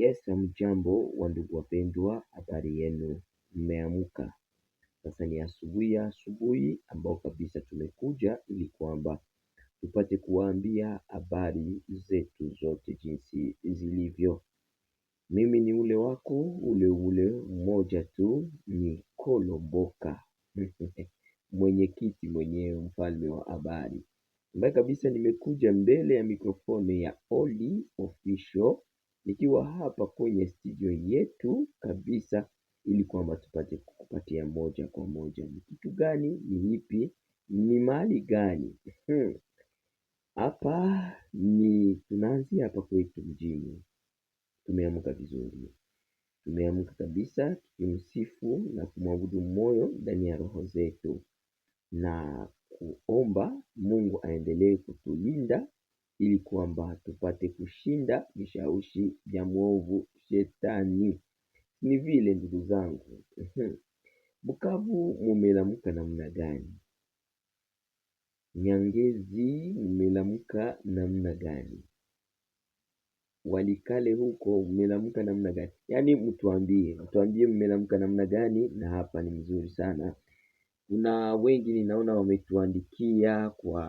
Yes hamjambo wandugu wapendwa, habari yenu, mmeamka? Sasa ni asubuhi ya asubuhi ambao kabisa tumekuja ili kwamba tupate kuwaambia habari zetu zote jinsi zilivyo. Mimi ni ule wako ule ule mmoja tu, ni Kolomboka mwenyekiti mwenyewe, mfalme wa habari ambaye kabisa nimekuja mbele ya mikrofoni ya Holly Official nikiwa hapa kwenye studio yetu kabisa, ili kwamba tupate kukupatia moja kwa moja ni kitu gani, ni ipi, ni mali gani. Hmm. Hapa ni tunaanzia hapa kwetu mjini. Tumeamka vizuri, tumeamka kabisa tukimsifu na kumwabudu moyo ndani ya roho zetu na kuomba Mungu aendelee kutulinda ili kwamba tupate kushinda vishawishi vya mwovu shetani. Ni vile ndugu zangu, Bukavu mumelamka namna gani? Nyangezi mumelamka namna gani? Walikale huko mmelamka namna gani? Yaani mtuambie, mtuambie mmelamka namna gani, na hapa ni mzuri sana. Kuna wengi ninaona wametuandikia kwa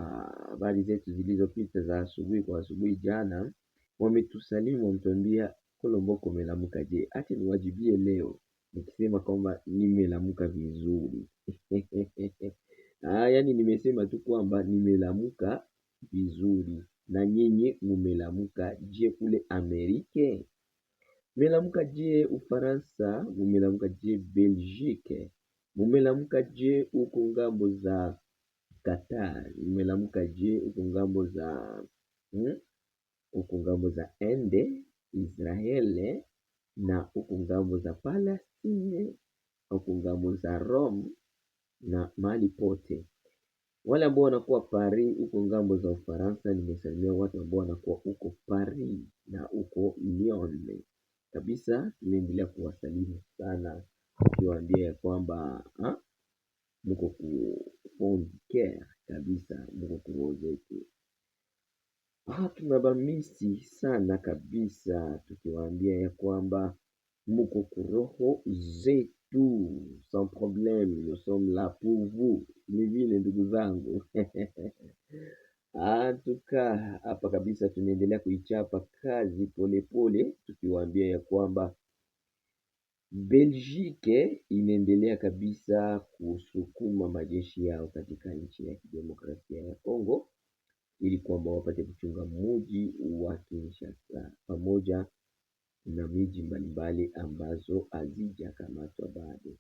habari zetu zilizopita za asubuhi kwa asubuhi jana, wametusalimu wametuambia Kolomboko umelamka je, acha niwajibie leo nikisema kwamba nimelamuka vizuri ah, yaani nimesema tu kwamba nimelamuka vizuri na nyinyi mumelamuka je kule Amerike? Mumelamuka je Ufaransa? mumelamka je Belgique? je huko ngambo za Qatar? je huko ngambo za huko hmm? ngambo za Ende Israele eh? na huko ngambo za Palestine huko ngambo za Rome na mahali pote wale ambao wanakuwa Paris huko ngambo za Ufaransa. Nimesalimia watu ambao wanakuwa huko Paris na huko Lyon kabisa, tunaendelea kuwasalimu sana ukiwaambia ya kwamba ah, mko kuongea kabisa, mko kuozetu. Ah, Tunabamisi sana kabisa, tukiwaambia ya kwamba mko kuroho zetu, sans probleme, nous sommes la pour vous. Ni vile ndugu zangu ah, tukaa hapa kabisa, tunaendelea kuichapa kazi polepole, tukiwaambia ya kwamba Belgique imeendelea kabisa kusukuma majeshi yao katika nchi ya kidemokrasia ya Kongo ili kwamba wapate kuchunga mji wa Kinshasa pamoja na miji mbalimbali ambazo hazijakamatwa bado.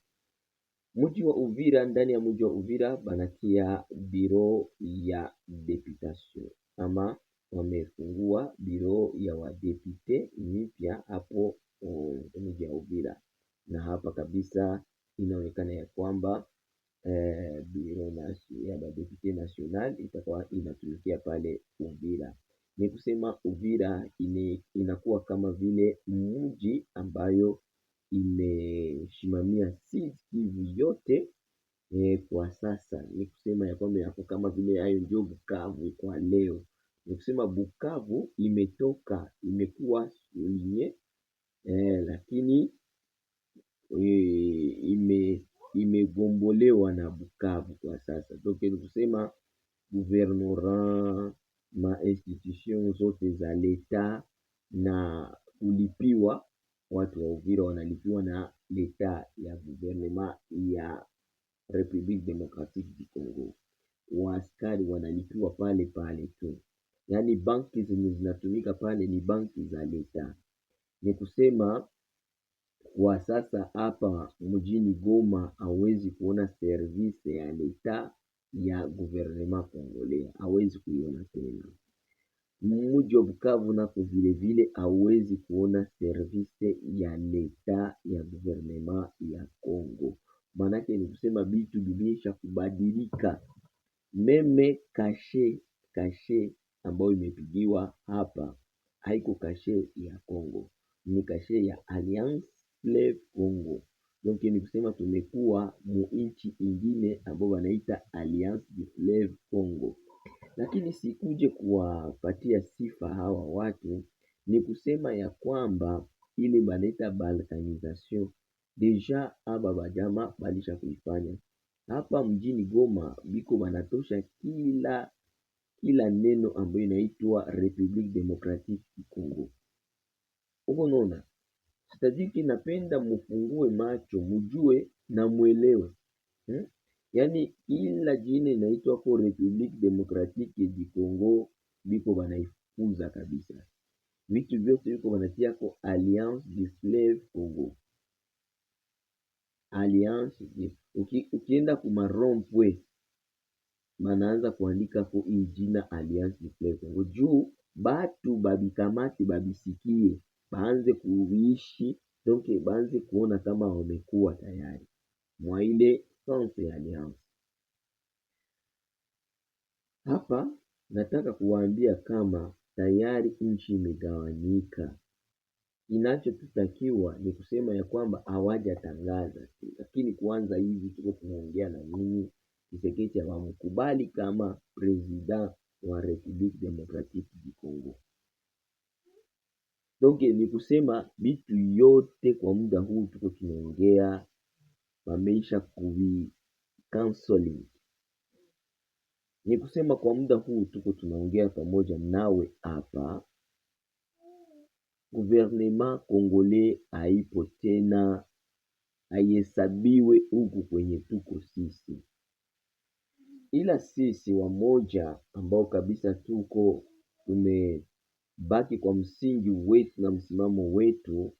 Mji wa Uvira, ndani ya mji wa Uvira banatia biro ya deputation ama wamefungua biro ya wadepute mipya hapo kabisa inaonekana ya kwamba eh, Biro ya Badetite National itakuwa inatumikia pale Uvira. Ni kusema Uvira inakuwa kama vile mji ambayo imeshimamia Sud Kivu yote eh, kwa sasa. Ni kusema ya kwamba yako kama vile hayo ndio Bukavu kwa leo. Ni kusema Bukavu imetoka imekuwa yenye eh, lakini Eh, imegombolewa na Bukavu kwa sasa. Donc ni kusema gouvernorat ma institution zote za leta na kulipiwa, watu wa Uvira wanalipiwa na leta ya guvernema ya Republique Democratique du Congo. Waaskari wanalipiwa pale pale tu, yaani banki zenye zinatumika pale ni banki za leta. Ni kusema kwa sasa hapa mjini Goma hawezi kuona service ya leta ya guvernema kongolea, hawezi kuiona tena. Mji wa Bukavu nako vilevile hawezi kuona service ya leta ya guvernema ya Congo. Maanake ni kusema bitu bimeisha kubadilika. Meme kashe kashe ambayo imepigiwa hapa haiko kashe ya Congo, ni kashe ya Alliance fleuve Congo. Donc ni kusema tumekuwa mu nchi ingine ambao wanaita Alliance du Fleuve Congo, lakini sikuje kuwapatia sifa hawa watu, ni kusema ya kwamba ile banaita balkanization deja aba bajama balisha kuifanya hapa mjini Goma, biko banatosha kila kila neno ambayo inaitwa Republique Democratique du Congo, uko Sadiki, napenda mufungue macho mujue na mwelewe hmm? Yaani ila jina inaitwa ko Republique Democratique du Congo biko banaifuza kabisa, vitu vyote viko banatia ko Alliance du Fleuve Congo, Alliance du uki, ukienda kumarompwe banaanza kuandika ko jina Alliance du Fleuve Congo juu batu babikamati babisikie baanze kuishi donke baanze kuona kama wamekuwa tayari mwa ile sense ya aliansi. Hapa nataka kuwaambia kama tayari nchi imegawanyika. Inachotutakiwa ni kusema ya kwamba hawajatangaza tu, lakini kuanza hivi tuko tunaongea na nini, Kiseketi hawamkubali kama president wa Republique Democratique du Congo donke ni kusema bitu yote kwa muda huu tuko tunaongea, bameisha kuvi counseling. Ni kusema kwa muda huu tuko tunaongea pamoja nawe hapa, guvernema kongole haipo tena, haihesabiwe huku kwenye tuko sisi, ila sisi wamoja ambao kabisa tuko tume baki kwa msingi wetu na msimamo wetu.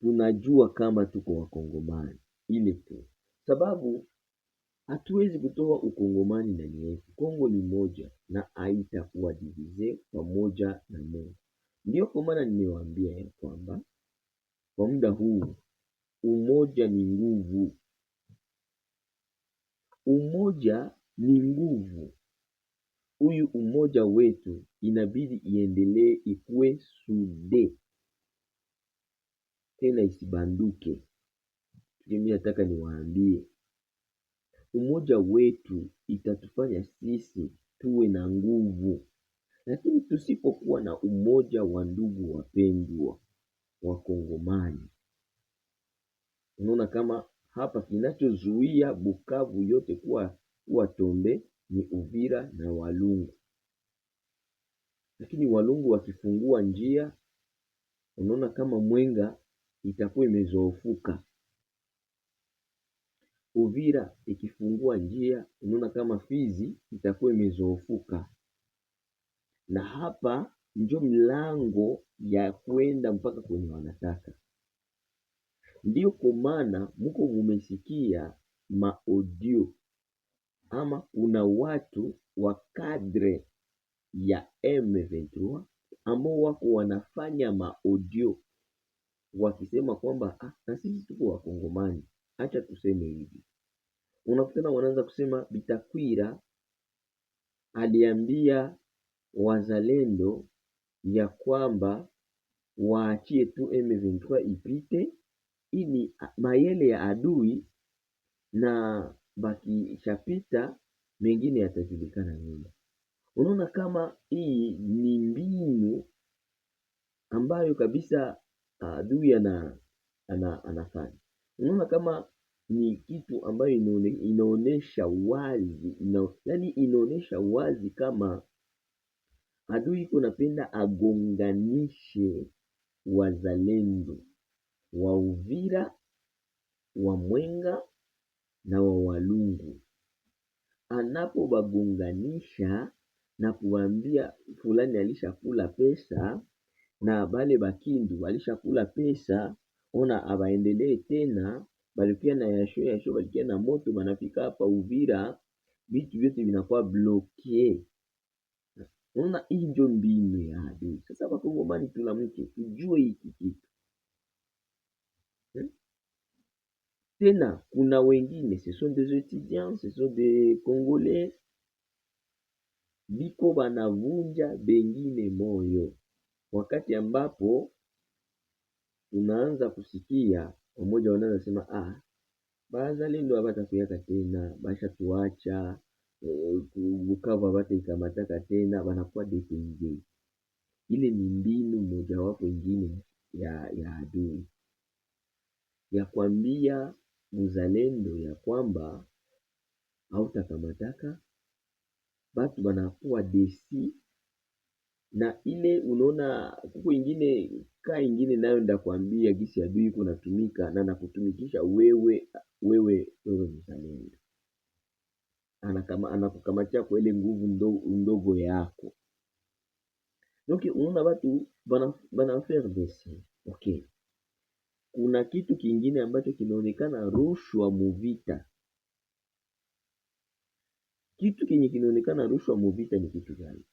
Tunajua kama tuko Wakongomani, ile tu sababu hatuwezi kutoa ukongomani ndani yetu. Kongo ni moja na haitakuwa divize pamoja na Mungu. Ndiyo kwa maana nimewaambia ya kwamba kwa muda huu umoja ni nguvu, umoja ni nguvu huyu umoja wetu inabidi iendelee, ikuwe sude tena isibanduke. Mimi nataka niwaambie, umoja wetu itatufanya sisi tuwe na nguvu, lakini tusipokuwa na umoja, wa ndugu wapendwa Wakongomani, unaona kama hapa kinachozuia Bukavu yote kuwa kuwa tombe ni Uvira na Walungu, lakini Walungu wakifungua njia, unaona kama Mwenga itakuwa imezoofuka. Uvira ikifungua njia, unaona kama Fizi itakuwa imezoofuka, na hapa njo milango ya kwenda mpaka kwenye wanataka. Ndio kwa maana muko mumesikia maaudio ama kuna watu wa kadre ya M23 ambao wako wanafanya maudio wakisema kwamba ah, na sisi tuko Wakongomani, acha tuseme hivi. Unakutana wanaanza kusema Bitakwira aliambia wazalendo ya kwamba waachie tu M23 ipite, ili mayele ya adui na bakishapita, mengine yatajulikana nyuma. Unaona kama hii ni mbinu ambayo kabisa adui ana, ana, anafanya. Unaona kama ni kitu ambayo inaonesha wazi ina, yani inaonesha wazi kama adui iko napenda agonganishe wazalendo wa Uvira, wa Mwenga na Wawalungu anapowagonganisha na kuambia fulani alishakula pesa na bale bakindu walishakula pesa, ona abaendelee tena, balikia na yasho yasho, balikia na moto, banafika hapa Uvira, vitu vyote vinakuwa blokie. Ona hii ndio mbinu ya adui. Sasa Wakongomani, tunamke tujue hiki kitu. Tena kuna wengine ce sont des étudiants, ce sont des Congolais biko banavunja bengine moyo, wakati ambapo tunaanza kusikia wamoja wanaanza sema ah, bazalendo abatakuyaka tena, bashatuacha eh, Bukavu abatakamataka tena, banakuwa depende. Ile ni mbinu mojawapo ingine ya, ya adui ya kwambia muzalendo ya kwamba hautakamataka batu banakuwa desi na ile unaona kuko ingine kaa ingine nayo ndakwambia gisi adui iko natumika na nakutumikisha wewe wewe wewe mzalendo, anakukamatia kwa ile nguvu ndogo yako. donk unaona batu bana desi okay kuna kitu kingine ambacho kinaonekana rushwa Muvita. Kitu kenye kinaonekana rushwa Muvita ni kitu gani?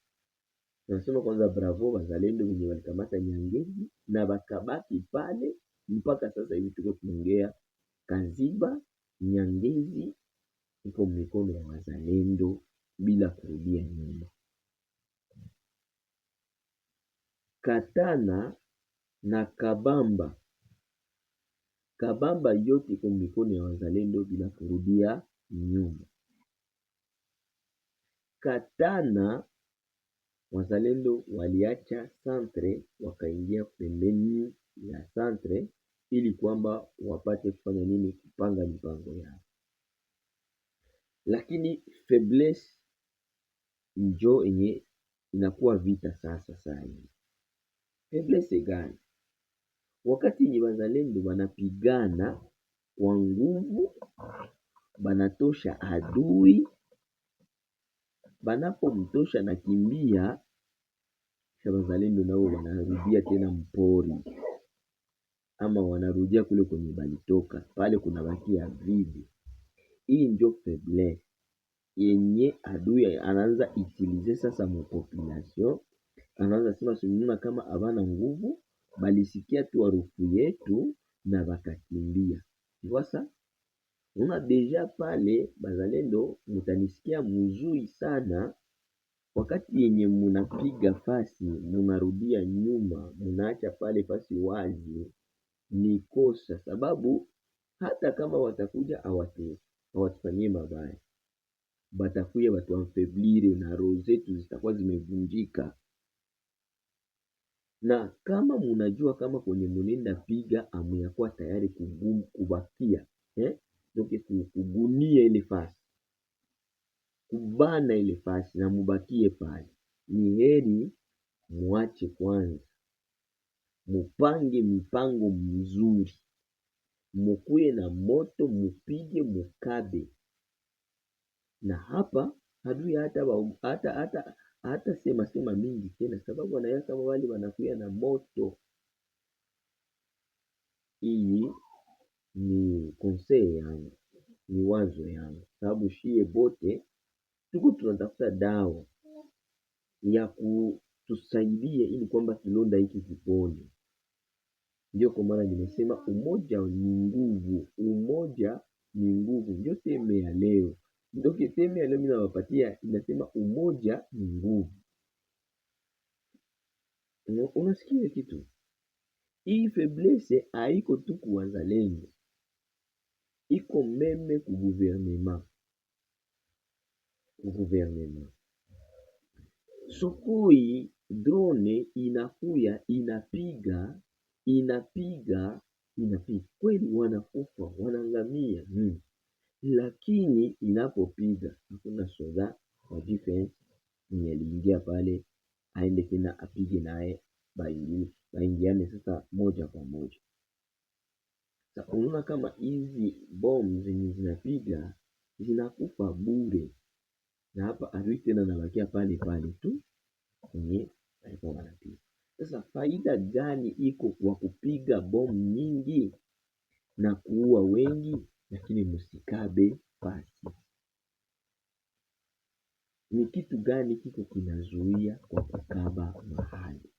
Nasema kwanza bravo wazalendo wenye walikamata Nyangezi na bakabaki pale mpaka sasa hivi tuko tunaongea. Kaziba, Nyangezi iko mikono ya wazalendo bila kurudia nyuma. Katana na Kabamba kabamba yote iko mikono ya wazalendo bila kurudia nyuma. Katana wazalendo waliacha centre wakaingia pembeni ya centre ili kwamba wapate kufanya nini? Kupanga mipango yao, lakini faiblesse njo enye inakuwa vita sasa. Sasa faiblesse gani? Wakati wazalendo wanapigana kwa nguvu, banatosha adui, banapomtosha kimbia kisha wazalendo nao wanarudia tena mpori ama wanarudia kule kwenye balitoka, pale ya vidi. Hii ndio faiblesse yenye adui anaanza utilize sasa mupopulation, anaanza sema simuna kama abana nguvu balisikia tu harufu yetu na bakakimbia. Sasa una deja pale, bazalendo, mutanisikia mzuri sana wakati yenye munapiga fasi, munarudia nyuma, munaacha pale fasi wazi, ni kosa sababu hata kama watakuja awatufanyie mabaya, batakuya batuamfeblire na roho zetu zitakuwa zimevunjika na kama munajua kama kwenye munenda piga amuyakuwa tayari kugumu kubakia eh? Doke kugunia ile fasi kubana ile fasi na mubakie pale, ni heri muache kwanza, mupange mpango mzuri, mukuye na moto, mupige mukabe, na hapa adui hata hata hata hata sema sema mingi tena, sababu wanaweka wali wanakuya na moto. Hii ni konsei yangu, ni wazo yangu, sababu shie bote tuko tunatafuta dawa ya kutusaidia ili kwamba kilonda hiki kipone. Ndio kwa maana nimesema umoja ni nguvu, umoja ni nguvu, ndio sema ya leo. Ndio kisemi ya leo mimi nawapatia inasema umoja ni nguvu. Unasikia kitu hii, feblese haiko tu kuwazalendo, iko meme kuguvernema kuguvernema. Sokoi drone inakuya inapiga inapiga inapiga, kweli wanakufa wanangamia hmm lakini inapopiga hakuna soda wa defense mwenye aliingia pale aende tena apige naye baingiane sasa moja kwa moja. Sasa unaona kama hizi bomu zenye zinapiga zinakufa bure, na hapa adui tena anabakia pale pale tu kwenye alikuwa wanapiga. Sasa faida gani iko kwa kupiga bomu nyingi na kuua wengi? lakini msikabe pasi. Ni kitu gani kiko kinazuia kwa kukaba mahali?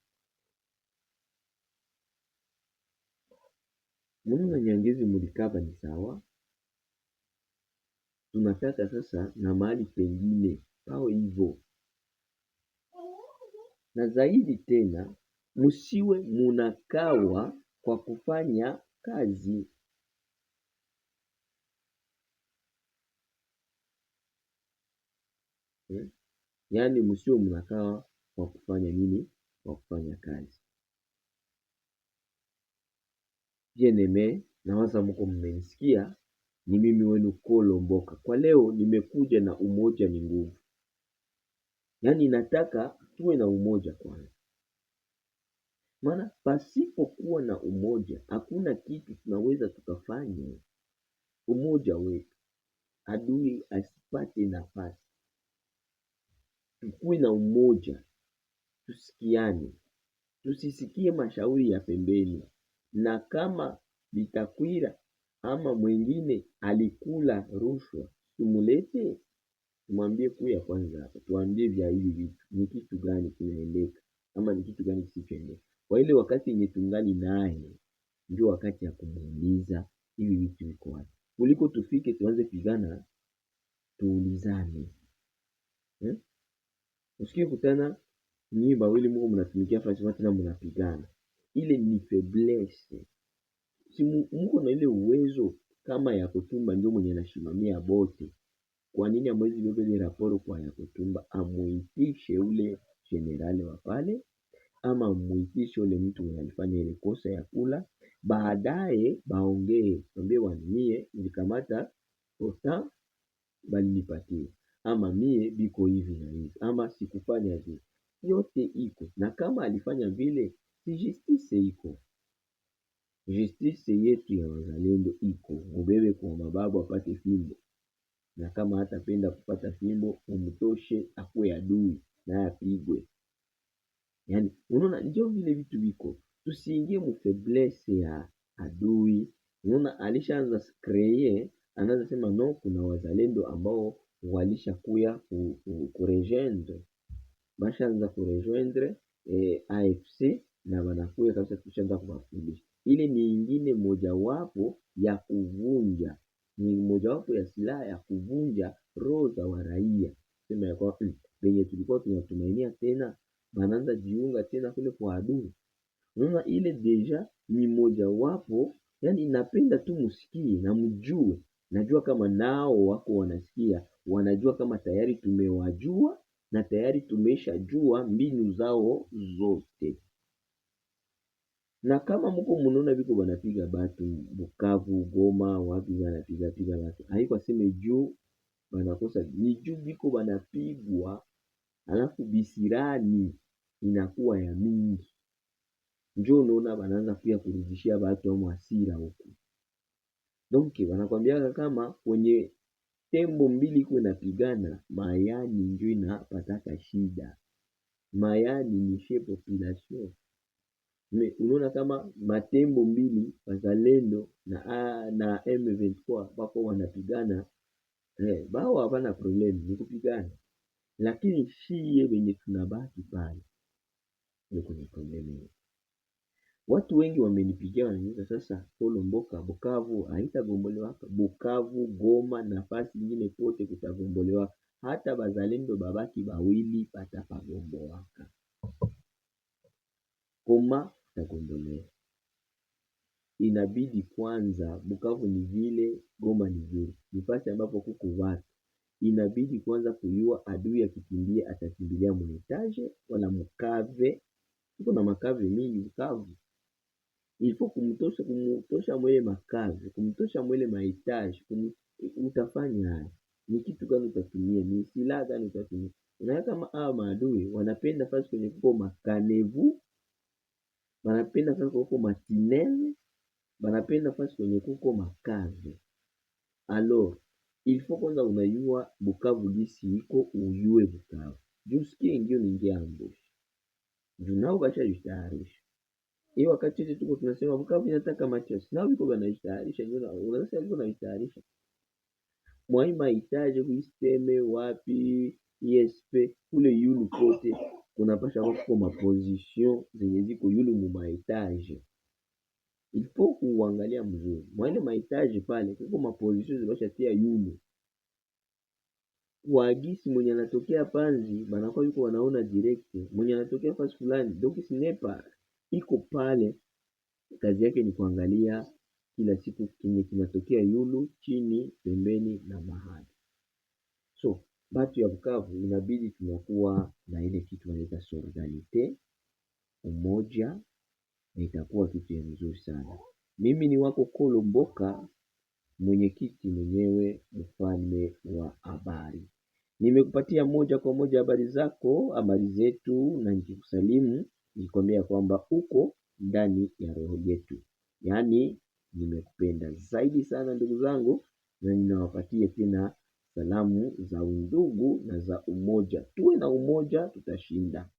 na Nyangezi mulikaba ni sawa, tunataka sasa na mahali pengine pao hivyo, na zaidi tena, musiwe munakawa kwa kufanya kazi yaani msio mnakaa wa kufanya nini, wa kufanya kazi. Pia nawaza mko mmenisikia, ni mimi wenu Kolomboka. Kwa leo nimekuja na umoja ni nguvu, yaani nataka tuwe na umoja kwanza, maana pasipokuwa na umoja hakuna kitu tunaweza tukafanya. Umoja wetu adui asipate nafasi. Tukuwe na umoja, tusikiane, tusisikie mashauri ya pembeni, na kama Bitakwira ama mwingine alikula rushwa, tumulete tumwambie, kuya kwanza hapa, tuambie vya hivi vitu ni kitu gani kinaendeka ama ni kitu gani kisichoendeka. Kwa ile wakati yenye tungali naye, ndio wakati ya kumuuliza hivi vitu viko wapi, kuliko tufike tuanze pigana, tuulizane eh? Usikie kutana nyinyi bawili mko mnatumikia falsafa tena mnapigana, ile ni feblesse. Si mko na ile uwezo kama ya Kutumba ndio mwenye anashimamia bote, kwa nini amwezi bebe ile raporo kwa ya Kutumba? Amwitishe ule generali wa pale, ama amwitishe ule mtu mwenye alifanya ile kosa ya kula, baadaye baongee, ambie wanimie nilikamata ota nipatie ama mie biko hivi na hivi ama sikufanya vile, yote iko na kama alifanya vile, si justice iko justice yetu ya wazalendo iko mubebe kwa mababu apate fimbo, na kama hatapenda kupata fimbo umtoshe, akuwe adui naye apigwe. Yani unaona, ndio vile vitu viko, tusiingie mufeblese ya adui. Unaona, alishaanza kreye, anaanza sema no, kuna wazalendo ambao walishakuya ku, ku, kurejendre bashaanza kurejendre eh, AFC na wanakuya kabisa, tushaanza kuwafundisha. Ile ni ingine mojawapo ya kuvunja, ni mojawapo ya silaha ya kuvunja roho za waraia, sema ya kwa venye tulikuwa tunatumainia tena bananza jiunga tena kule kwa adui. Unaona, ile deja ni mojawapo, yani napenda tu musikie na mjue Najua kama nao wako wanasikia, wanajua kama tayari tumewajua na tayari tumeshajua mbinu zao zote. Na kama muko munona viko banapiga batu Bukavu, Goma, wapi wanapiga piga batu, haiko aseme juu wanakosa, ni juu viko banapigwa, alafu bisirani inakuwa ya mingi, njo unaona wanaanza kuya kurudishia batu amwasira huku Donki wanakwambiaga kama kwenye tembo mbili iko inapigana, mayani njo inapataka shida. Mayani ni she population me, unaona kama matembo mbili wazalendo na a, ah, na M23 bako wanapigana eh, bao hapana problem ni kupigana, lakini shiye wenye tunabaki pale ni kwenye problem. Watu wengi wamenipigia wananiuliza sasa, Paul Mboka Bukavu haitagomboliwaka. Bukavu, Goma, nafasi nyingine pote kutagombolewa hata bazalendo babaki bawili patapagombowaka koma tagombolewa. Inabidi kwanza, Bukavu ni vile, Goma ni vile, ni ambapo kuko watu, inabidi kwanza kuyua adui akikimbia atakimbilia muetaje wala mukave. Iko na makave mingi Bukavu ilifo kumtosha, kumtosha mwele makazi, kumtosha mwele mahitaji, kum, utafanya haya ni kitu gani utatumia, ni silaha gani utatumia. Unaona kama hawa maadui wanapenda fasi kwenye kuko makanevu, wanapenda fasi kuko matinele banapenda fasi kwenye kuko makazi. Alors ilifo kwanza unayua Bukavu gisi iko, uyue Bukavu jusikie ingio ningiambushi junao basha jitayarisha hii wakati wote tuko tunasema Bukavu inataka machozi. Nao biko banaitayarisha ndio na unasema na banaitayarisha. Mwaima itaje kuiseme wapi? ESP kule yulu kote kunapasha kwa maposition zenye ziko yulu mu maetaje. Ilipo kuangalia mzuri. Mwaile maetaje pale kuko maposition zibasha tia yulu. Waagisi mwenye anatokea panzi banakuwa yuko wanaona direct. Mwenye anatokea fasi fulani donc ce iko pale, kazi yake ni kuangalia kila siku kenye kinatokea yulu chini, pembeni na mahali. So batu ya Bukavu inabidi tunakuwa na ile kitu wanaita solidarite, umoja, na itakuwa kitu ya mzuri sana. Mimi ni wako Kolomboka, mwenyekiti mwenyewe, mfalme wa habari. Nimekupatia moja kwa moja habari zako, habari zetu, na nikikusalimu nikikwambia kwamba uko ndani ya roho yetu, yaani nimekupenda zaidi sana ndugu zangu, na ninawapatia tena salamu za undugu na za umoja. Tuwe na umoja, tutashinda.